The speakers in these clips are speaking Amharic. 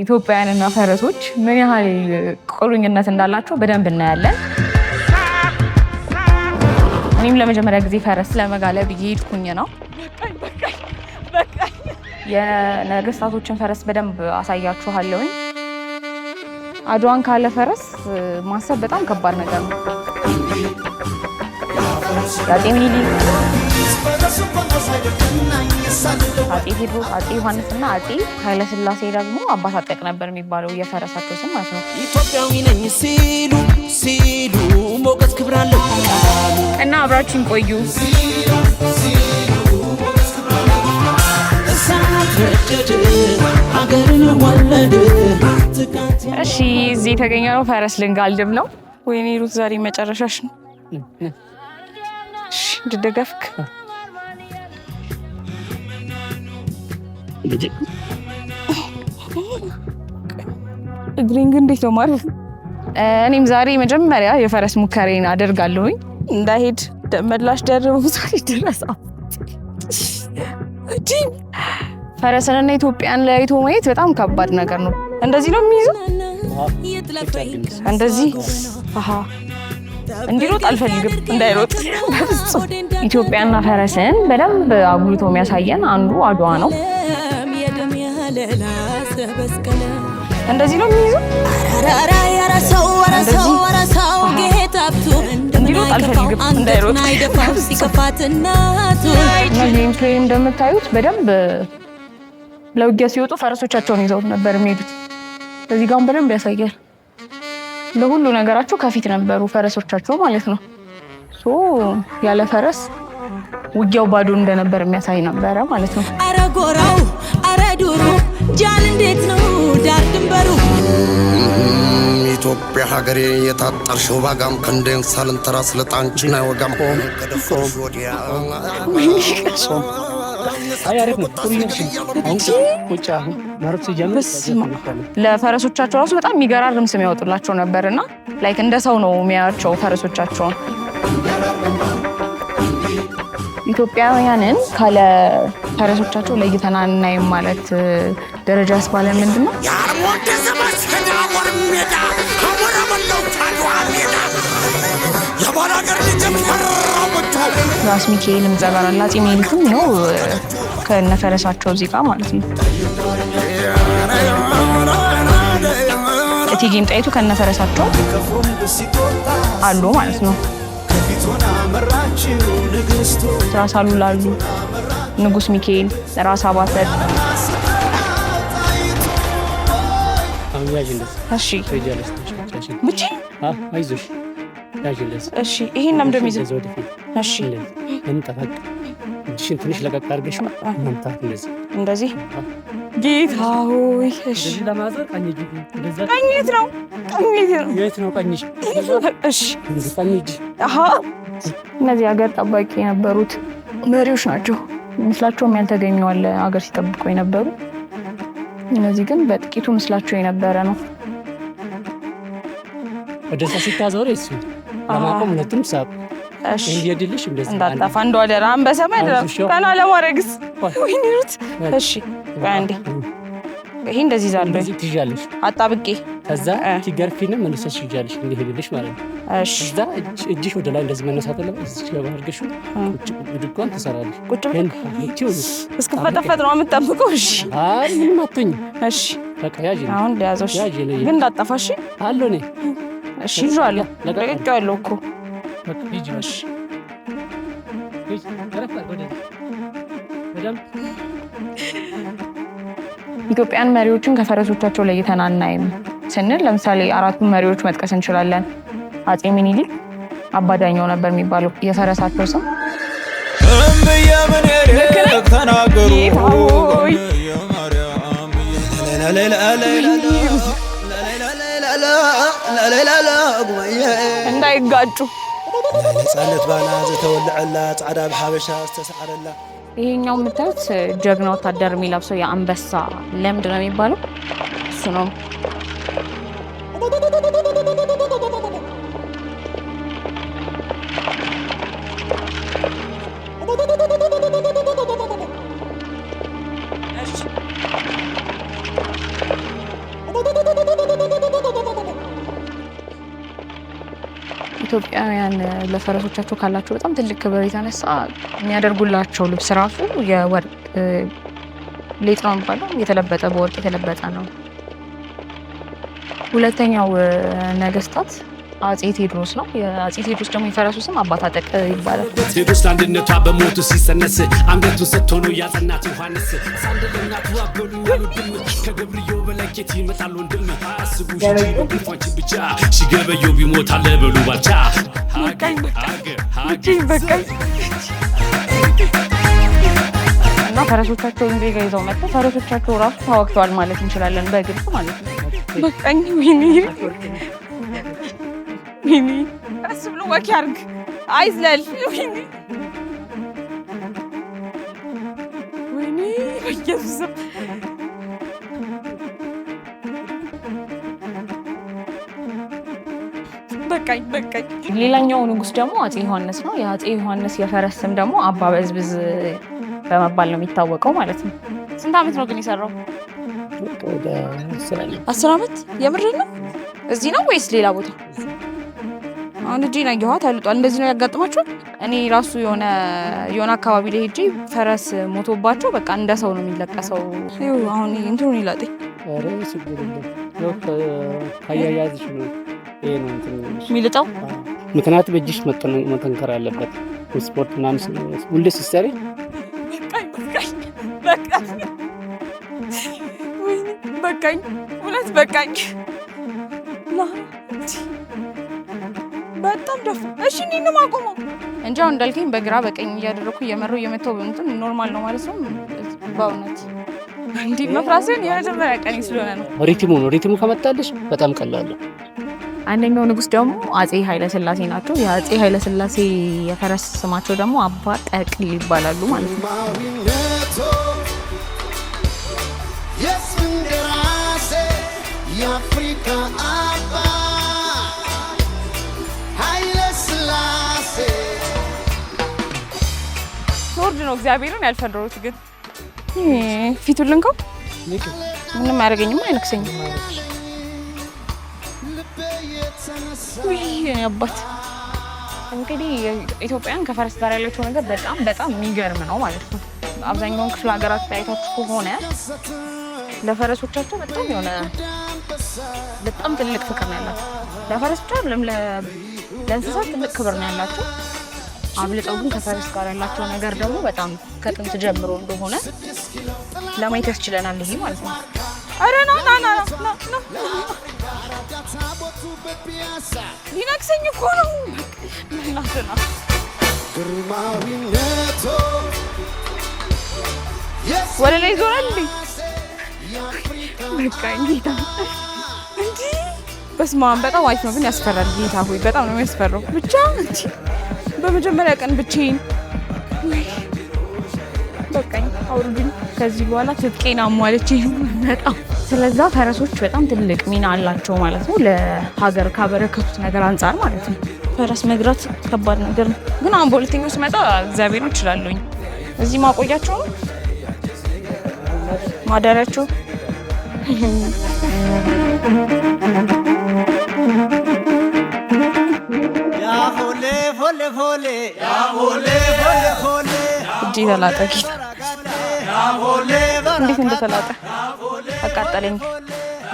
ኢትዮጵያውያንና ፈረሶች ምን ያህል ቁርኝነት እንዳላቸው በደንብ እናያለን። እኔም ለመጀመሪያ ጊዜ ፈረስ ለመጋለብ እየሄድኩኝ ነው። የነገስታቶችን ፈረስ በደንብ አሳያችኋለሁኝ። አድዋን ካለ ፈረስ ማሰብ በጣም ከባድ ነገር ነው። የአጤ ሚኒሊክ፣ አጤ ቴዎድሮስ፣ አጤ ዮሐንስ እና አጤ ኃይለስላሴ ደግሞ አባት ነበር የሚባለው የፈረሳቸው ስም ማለት ነው። ኢትዮጵያዊ ነኝ ሲሉ ሲሉ ሞገስ ክብራለ እና አብራችን ቆዩ እሺ እዚህ የተገኘ ነው ፈረስ ልንጋልድም ነው። ወይኔ ሩት ዛሬ መጨረሻሽ ነው። እንደደገፍክ እግሬን ግን እንዴት ነው ማለት። እኔም ዛሬ መጀመሪያ የፈረስ ሙከሬን አደርጋለሁኝ። እንዳሄድ መላሽ ደርበው ዛሬ ደረሳ። ፈረስንና ኢትዮጵያን ለያይቶ ማየት በጣም ከባድ ነገር ነው። እንደዚህ ነው የሚይዘው እንደዚህ እንዲሮጥ አልፈልግም፣ እንዳይሮጥ በፍጹም። ኢትዮጵያና ፈረስን በደንብ አጉልቶ የሚያሳየን አንዱ አድዋ ነው። እንደዚህ ነው የሚይዙ። እንዲሮጥ እንዳይሮጥ እንደምታዩት በደንብ ለውጊያ ሲወጡ ፈረሶቻቸውን ይዘው ነበር የሚሄዱት። እዚህ ጋር በደንብ ያሳያል። ለሁሉ ነገራቸው ከፊት ነበሩ ፈረሶቻቸው ማለት ነው። ያለ ፈረስ ውጊያው ባዶ እንደነበር የሚያሳይ ነበረ ማለት ነው። አረ ጎራው፣ አረ ዱሩ ጃን እንዴት ነው ዳር ድንበሩ ኢትዮጵያ ሀገሬ የታጠርሽው ባጋም ከንዴን ሳልንተራ ስለጣንጭና ወጋም ለፈረሶቻቸው ራሱ በጣም የሚገራርም ስም ያወጡላቸው ነበር እና ላይክ እንደ ሰው ነው የሚያያቸው ፈረሶቻቸውን። ኢትዮጵያውያንን ካለ ፈረሶቻቸው ለይተን አናይም ማለት ደረጃ ያስባለ ምንድን ነው? የባላገር ራስ ሚካኤል ዘበራላ አፄ ነው ከነፈረሳቸው እዚህ ጋር ማለት ነው። እቴጌም ጣይቱ ከነፈረሳቸው አሉ ማለት ነው። ራስ አሉላ አሉ፣ ንጉስ ሚካኤል፣ ራስ አባተ እሺ ብቻ እሺ፣ ይሄን ነው እሺ፣ እንጠፋቅ ትንሽ ለቀቅ አድርገሽ መምታት እንደዚህ እንደዚህ። ጌታ ሆይ፣ እሺ፣ ለማዘር ነው ነው እሺ፣ እነዚህ ሀገር ጠባቂ የነበሩት መሪዎች ናቸው። ምስላቸውም አለ ሀገር ሲጠብቁ የነበሩ እነዚህ ግን በጥቂቱ ምስላቸው የነበረ ነው። ወደዛ ሲታዘሩ ለማቆም ሁለቱም ሳብ እንዲሄድልሽ እንደዚህ እንዳጠፋ እንደ አደራ አንበሰማ አይደለም ቀና ለማድረግስ ወይኔ ሩት እሺ አንዴ ይሄ እንደዚህ ዛለ እዚህ ትይዣለሽ አጣብቄ ከዛ ትገርፊንም መልሰሽ ትይዣለሽ እንዲሄድልሽ ማለት ነው እሺ እዛ እጅሽ ወደ ላይ እንደዚህ መነሳት አለ እዚህ ጋር አድርገሽ ቁጭ ብድጓን ትሰራለሽ ቁጭ ብድጓን እስክፈጠፈጥ ነው የምትጠብቀው እሺ አይ ምንም አትሆኝም እሺ በቃ ያዥ አሁን ያዘሽ ግን እንዳጠፋሽ አሎ እኔ እሺ ይዤዋለሁ፣ ለቀቅቄዋለሁ እኮ ኢትዮጵያን መሪዎችን ከፈረሶቻቸው ለይተን አናይም ስንል ለምሳሌ አራቱን መሪዎች መጥቀስ እንችላለን። አፄ ሚኒሊክ አባዳኛው ነበር የሚባለው የፈረሳቸው ስም ተናገሩ። እንዳይጋጩ ህፃነት ባላ ዝተወልዐላ ፃዕዳ ብሓበሻ ዝተሰዓረላ ይሄኛው የምታዩት ጀግና ወታደር የሚለብሰው የአንበሳ ለምድ ነው የሚባለው እሱ ነው። ኢትዮጵያውያን ለፈረሶቻቸው ካላቸው በጣም ትልቅ ክብር የተነሳ የሚያደርጉላቸው ልብስ ራሱ የወርቅ ሌጥ ነው የሚባለው፣ የተለበጠ በወርቅ የተለበጠ ነው። ሁለተኛው ነገስታት አፄ ቴዎድሮስ ነው። የአፄ ቴዎድሮስ ደግሞ የፈረሱ ስም አባት አጠቅ ይባላል። ቴዎድሮስ አንድነቷ በሞቱ ሲሰነስ አንገቱን ስትሆኑ ያጸናት ዮሐንስ ሳንደለናቱ አበሉኛሉ ድም ከገብርዮ በለኬት ይመጣል ወንድም አስቡ ሽፋንች ብቻ ሽገበዮ ቢሞት አለበሉ ባልቻ እና ፈረሶቻቸው እንዴ ጋ ይዘው መጥተው ፈረሶቻቸው ራሱ ታወቅተዋል ማለት እንችላለን። በግልጽ ማለት ነው። በቃኝ ሚኒ ቀስ ብሎ ወኪ አርግ አይዝለል። ሚኒ ወይኔ በኢየሱስ በቃኝ በቃኝ። ሌላኛው ንጉስ ደግሞ አፄ ዮሐንስ ነው። የአፄ ዮሐንስ የፈረስ ስም ደግሞ አባ በዝብዝ በመባል ነው የሚታወቀው ማለት ነው። ስንት ዓመት ነው ግን የሰራው? አስር ዓመት። የምር ነው። እዚህ ነው ወይስ ሌላ ቦታ? አሁን እጄን አየኋት አልጧል። እንደዚህ ነው ያጋጥማቸው። እኔ ራሱ የሆነ የሆነ አካባቢ ላይ ሄጄ ፈረስ ሞቶባቸው በቃ እንደ ሰው ነው የሚለቀሰው። አሁን እንትኑን ይላጤ ካያያዝሽ ነው በእጅሽ መጠንከር አለበት። ስፖርት ምናምን ሁሌ ሲሰሪ በቃኝ፣ እውነት በቃኝ። በጣም ደፍ እሺ፣ እንዴት ነው የማቆመው? እንጂ እንዳልከኝ በግራ በቀኝ እያደረኩ እየመረው እየመተው እንትን ኖርማል ነው ማለት ነው። በእውነት እንዲህ መፍራት ሲሆን የመጀመሪያ ቀን ስለሆነ ነው። ሪትሙ ነው ሪትሙ ከመጣልሽ በጣም ቀላል ነው። አንደኛው ንጉስ ደግሞ አጼ ኃይለ ስላሴ ናቸው። የአፄ ኃይለ ስላሴ የፈረስ ስማቸው ደግሞ አባ ጠቅል ይባላሉ ማለት ነው። የአፍሪካ አባ ነው እግዚአብሔርን ያልፈረሩት ግን ፊቱ ልንከው ምንም አያደርገኝም፣ አይነክሰኝም። አባት እንግዲህ ኢትዮጵያን ከፈረስ ጋር ያላቸው ነገር በጣም በጣም የሚገርም ነው ማለት ነው። አብዛኛውን ክፍለ ሀገራት ታይታችሁ ከሆነ ለፈረሶቻቸው በጣም የሆነ በጣም ትልቅ ፍቅር ነው ያላቸው። ለፈረስ ብቻ ለእንስሳት ትልቅ ክብር ነው ያላቸው። አብልጠው ግን ከፈረስ ጋር ያላቸው ነገር ደግሞ በጣም ከጥንት ጀምሮ እንደሆነ ለማየት ያስችለናል። ይሄ ማለት ነው። ኧረ ና ና ና ና ሊነግሰኝ እኮ ነው። ወደ ላይ ዞራል እንዴ? በቃ እንጌታ እንዲህ በስመ አብ በጣም አሪፍ ነው፣ ግን ያስፈራል። ጌታ ሆይ በጣም ነው የሚያስፈራው ብቻ በመጀመሪያ ቀን ብቻዬን በቃኝ አውርዱኝ። ከዚህ በኋላ ትጥቄን አሟለች መጣው። ስለዛ ፈረሶች በጣም ትልቅ ሚና አላቸው ማለት ነው፣ ለሀገር ካበረከቱት ነገር አንጻር ማለት ነው። ፈረስ መግራት ከባድ ነገር ነው፣ ግን አሁን በሁለተኛው ስመጣ እግዚአብሔር ይችላለኝ። እዚህ ማቆያቸው ነው ማደሪያቸው እጅ የተላጠ ጌታ እንዴት እንደተላጠ አቃጠለኝ።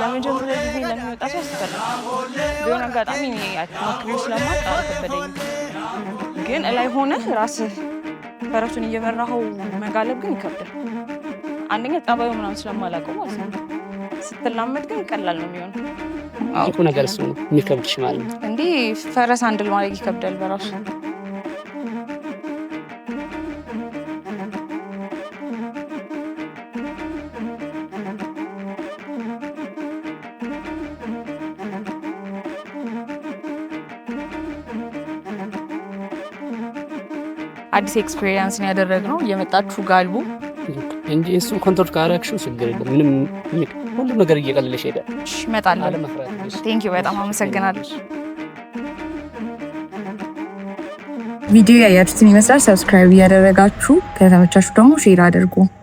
ለመጀመሪያ ጊዜ ለሚወጣ ሰው አስፈላ ቢሆን አጋጣሚ ማክሪው ስለማቅ አልከበደኝም፣ ግን እላይ ሆነ ራስ ፈረሱን እየመራኸው መጋለብ ግን ይከብዳል። አንደኛ ጠባዩ ምናምን ስለማላውቀው ማለት ነው። ስትላመድ ግን ቀላል ነው የሚሆነው። ትልቁ ነገር እሱ የሚከብድሽ ማለት ነው። እንዲህ ፈረስ አንድል ማድረግ ይከብዳል በራሱ አዲስ ኤክስፔሪንስ ነው ያደረግነው። እየመጣችሁ ጋልቡ እንጂ እሱን ኮንትሮል ካረግሽው ችግር የለም። ምንም ሁሉም ነገር እየቀለለሽ ሄደ እመጣለሁ። ቴንክ ዩ በጣም አመሰግናለሁ። ቪዲዮ ያያችሁትን ይመስላል። ሰብስክራይብ እያደረጋችሁ ከተመቻችሁ ደግሞ ሼር አድርጉ።